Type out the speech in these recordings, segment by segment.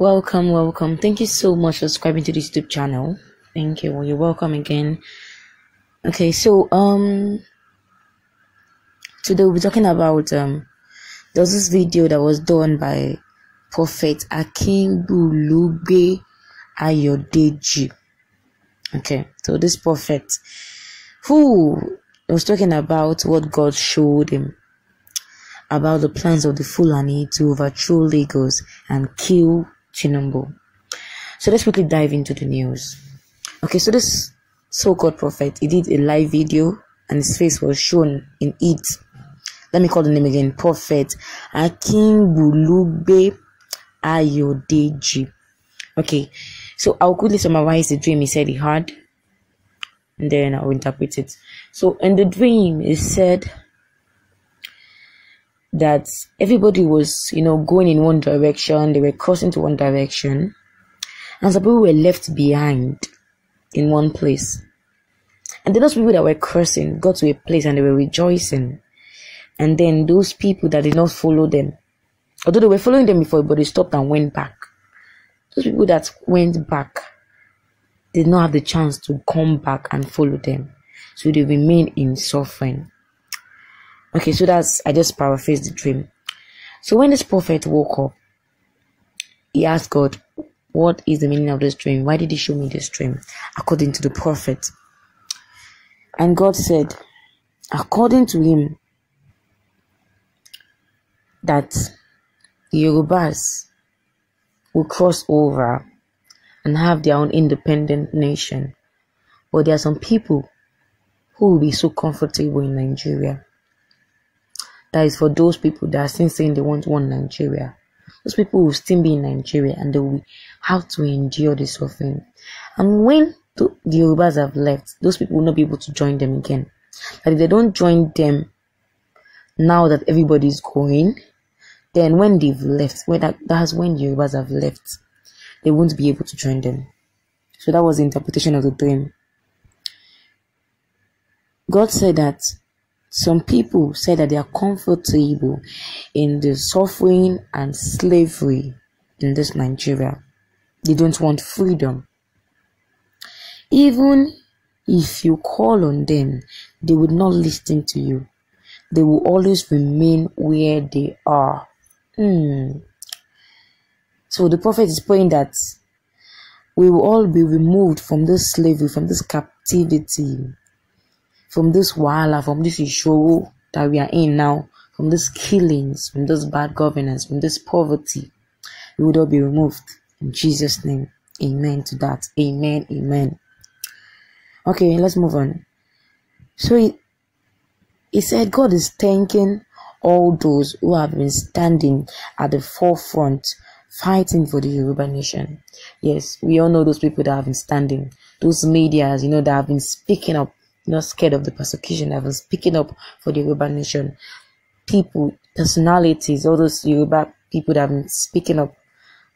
welcome welcome thank you so much for subscribing to this youtube channel thank you well you're welcome again okay so um today we'll be talking about um there was this video that was done by prophet akinbulugbe ayodeji okay so this prophet who was talking about what god showed him about the plans of the fulani to overthrow lagos and kill Chinambo. So let's quickly dive into the news. Okay, so this so-called prophet, he did a live video and his face was shown in it. Let me call the name again. Prophet Akingbulugbe Ayodeji. Okay, so I'll quickly summarize the dream he said he had, and then I'll interpret it. So in the dream, he said that everybody was, you know, going in one direction, they were crossing to one direction, and some people were left behind in one place. And then those people that were crossing got to a place and they were rejoicing. And then those people that did not follow them, although they were following them before, but they stopped and went back. Those people that went back did not have the chance to come back and follow them. So they remained in suffering. Okay, so that's I just paraphrased the dream. So when this prophet woke up, he asked God, What is the meaning of this dream? Why did he show me this dream? According to the prophet. And God said, according to him, that the Yorubas will cross over and have their own independent nation. But there are some people who will be so comfortable in Nigeria that is for those people that are still saying they want one Nigeria. Those people will still be in Nigeria and they will have to endure the suffering. And when the Yorubas have left, those people will not be able to join them again. But if they don't join them now that everybody is going, then when they've left, when that, that's when the Yorubas have left, they won't be able to join them. So that was the interpretation of the dream. God said that some people say that they are comfortable in the suffering and slavery in this Nigeria. They don't want freedom. Even if you call on them, they would not listen to you. They will always remain where they are. Hmm. So the prophet is praying that we will all be removed from this slavery, from this captivity from this wahala, from this issue that we are in now, from these killings, from this bad governance, from this poverty, we would all be removed. In Jesus' name, amen to that. Amen, amen. Okay, let's move on. So he, he said, God is thanking all those who have been standing at the forefront fighting for the Yoruba nation. Yes, we all know those people that have been standing, those medias, you know, that have been speaking up not scared of the persecution. I've been speaking up for the Yoruba nation. People, personalities, all those Yoruba people that have been speaking up.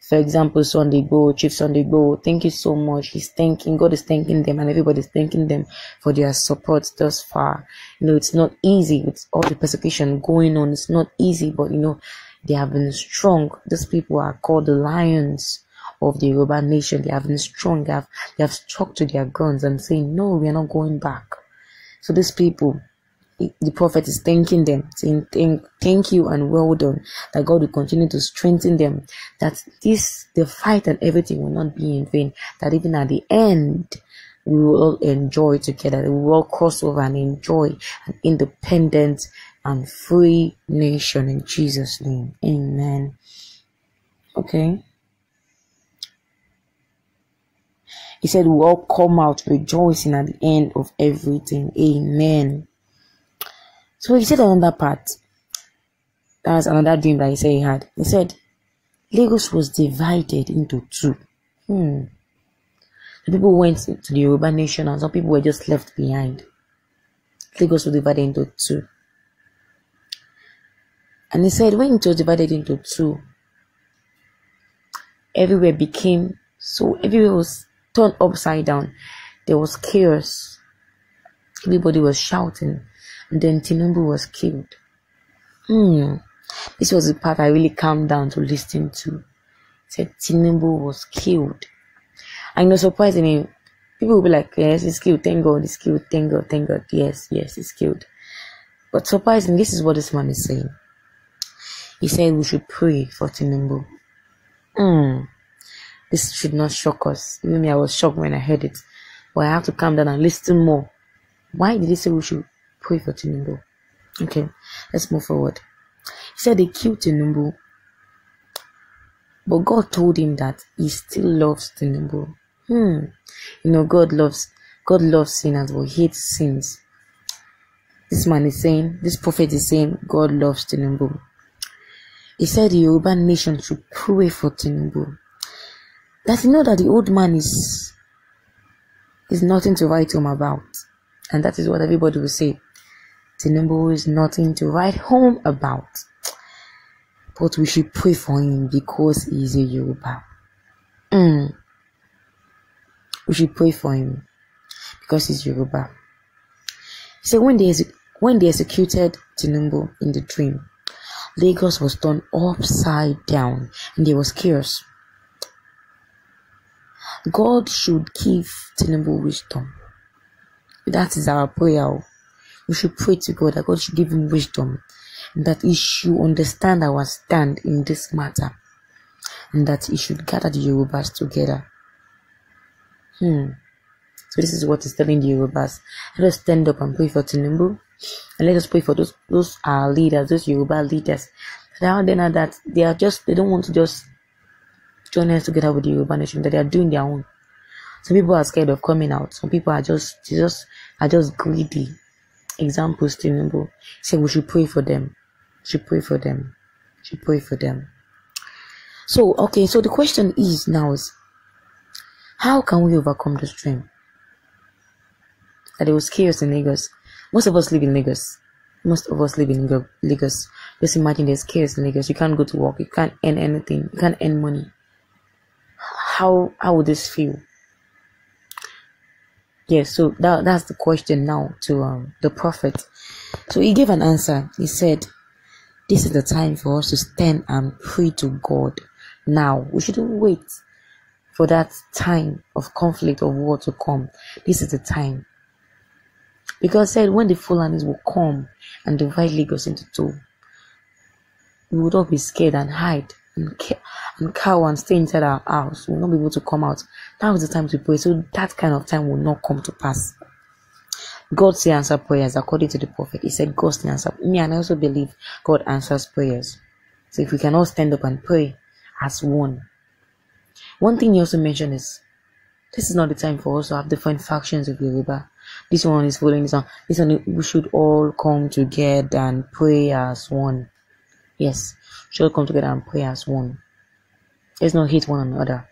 For example, Sunday Go, Chief Sunday Go, thank you so much. He's thanking, God is thanking them, and everybody's thanking them for their support thus far. You know, it's not easy with all the persecution going on. It's not easy, but you know, they have been strong. These people are called the lions of the Yoruba nation. They have been strong, they have, they have stuck to their guns and saying, No, we are not going back. So these people, the prophet is thanking them, saying, thank, thank you and well done, that God will continue to strengthen them, that this, the fight and everything will not be in vain, that even at the end, we will all enjoy together, we will all cross over and enjoy an independent and free nation in Jesus' name. Amen. Okay. He said, We all come out rejoicing at the end of everything. Amen. So he said another part. That's another dream that he said he had. He said, Lagos was divided into two. Hmm. The people went to the Yoruba nation and some people were just left behind. Lagos was divided into two. And he said, when it was divided into two, everywhere became so everywhere was turned upside down. There was chaos. Everybody was shouting. And then Tinubu was killed. Mm. This was the part I really calmed down to listen to. It said Tinubu was killed. I know surprisingly, people will be like, Yes, he's killed, thank God, he's killed, thank God, thank God, yes, yes, he's killed. But surprisingly, this is what this man is saying. He said we should pray for Tinubu. Mm. This should not shock us. Even me, I was shocked when I heard it. But I have to calm down and listen more. Why did he say we should pray for Tinubu? Okay, let's move forward. He said they killed Tinubu, but God told him that he still loves Tinubu. Hmm. You know, God loves God loves sinners but hates sins. This man is saying, this prophet is saying, God loves Tinubu. He said the urban nation should pray for Tinubu that you know that the old man is is nothing to write home about. And that is what everybody will say. Tinubu is nothing to write home about. But we should pray for him because he is a Yoruba. Mm. We should pray for him because he's Yoruba. He said when they when they executed Tinubu in the dream, Lagos was turned upside down and there was chaos. God should give Tinubu wisdom. That is our prayer. Oh. We should pray to God that God should give him wisdom, that he should understand our stand in this matter, and that he should gather the Yorubas together. Hmm. So this is what is telling the Yorubas. Let us stand up and pray for Tinubu, and let us pray for those those our uh, leaders, those Yoruba leaders. Now they know that they are just they don't want to just journalists together with the Yoruba nation that they are doing their own. Some people are scared of coming out. Some people are just just are just greedy. Examples to remember. Say we should pray for them. Should pray for them. Should pray for them. So okay, so the question is now is how can we overcome this dream? That it was chaos in Lagos. Most of us live in Lagos. Most of us live in Lagos. Just imagine there's chaos in Lagos. You can't go to work. You can't earn anything. You can't earn money how how would this feel? Yeah, so that that's the question now to um, the prophet. So he gave an answer. He said, "This is the time for us to stand and pray to God. Now we shouldn't wait for that time of conflict of war to come. This is the time." Because said when the Fulanis will come and divide Lagos into two, we would all be scared and hide and, cow and stay inside our house. We'll not be able to come out. Now is the time to pray. So that kind of time will not come to pass. God still answer prayers according to the prophet. He said, God still answer. Me and I also believe God answers prayers. So if we can all stand up and pray as one. One thing he also mentioned is this is not the time for us to have different factions of Yoruba. This one is following this one. This one we should all come together and pray as one. Yes, should come together and pray as one. Let's not hate one another.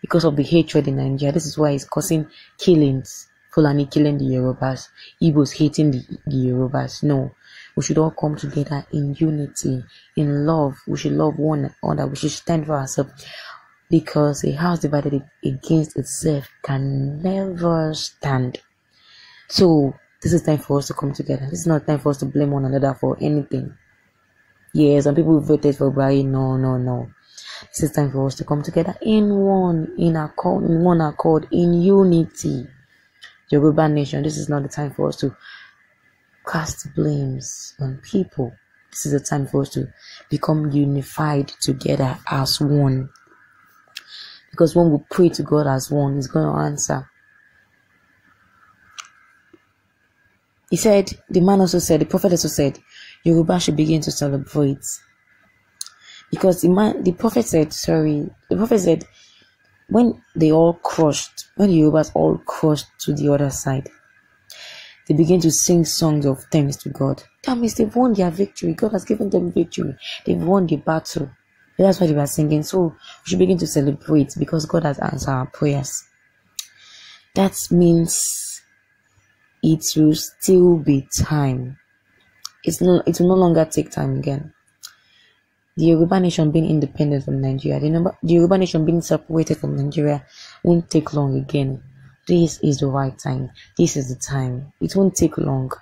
Because of the hatred in Nigeria, this is why it's causing killings. Fulani killing the Yorubas, Igbos hating the, the Yorubas. No, we should all come together in unity, in love. We should love one another. We should stand for ourselves because a house divided against itself can never stand. So, this is time for us to come together. This is not time for us to blame one another for anything years and people voted for Brian. No, no, no. This is time for us to come together in one, in accord, in one accord, in unity. Yoruba nation, this is not the time for us to cast blames on people. This is the time for us to become unified together as one. Because when we pray to God as one, He's going to answer. He said, the man also said, the prophet also said, Yoruba should begin to celebrate. Because the, man, the prophet said, sorry, the prophet said, when they all crushed, when the Yorubas all crushed to the other side, they begin to sing songs of thanks to God. That means they've won their victory. God has given them victory. They've won the battle. That's why they were singing. So we should begin to celebrate because God has answered our prayers. That means it will still be time it's no, it will no longer take time again. The Yoruba nation being independent from Nigeria, the, number, the Yoruba nation being separated from Nigeria won't take long again. This is the right time. This is the time. It won't take long.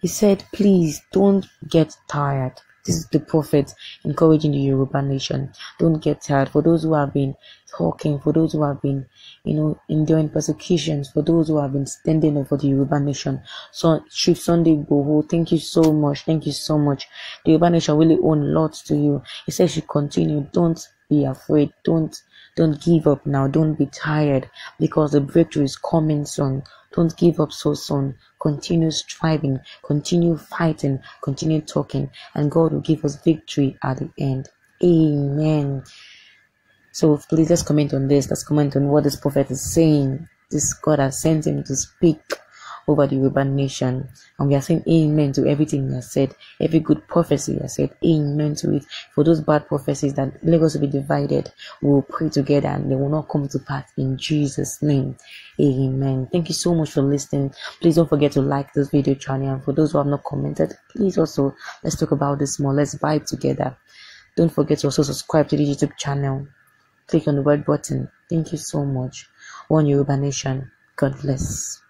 He said, please don't get tired. This is the prophet encouraging the Yoruba nation. Don't get tired. For those who have been talking, for those who have been, you know, enduring persecutions, for those who have been standing up for the Yoruba nation. So, Chief Sunday Boho, thank you so much. Thank you so much. The Yoruba nation really a lots to you. He says, you continue. Don't be afraid don't don't give up now don't be tired because the breakthrough is coming soon don't give up so soon continue striving continue fighting continue talking and god will give us victory at the end amen so please let's comment on this let's comment on what this prophet is saying this god has sent him to speak over the urban nation. And we are saying amen to everything he said, every good prophecy I said, amen to it. For those bad prophecies that Lagos will be divided, we will pray together and they will not come to pass in Jesus' name. Amen. Thank you so much for listening. Please don't forget to like this video channel. And for those who have not commented, please also let's talk about this more. Let's vibe together. Don't forget to also subscribe to the YouTube channel. Click on the red button. Thank you so much. One Yoruba Nation. God bless.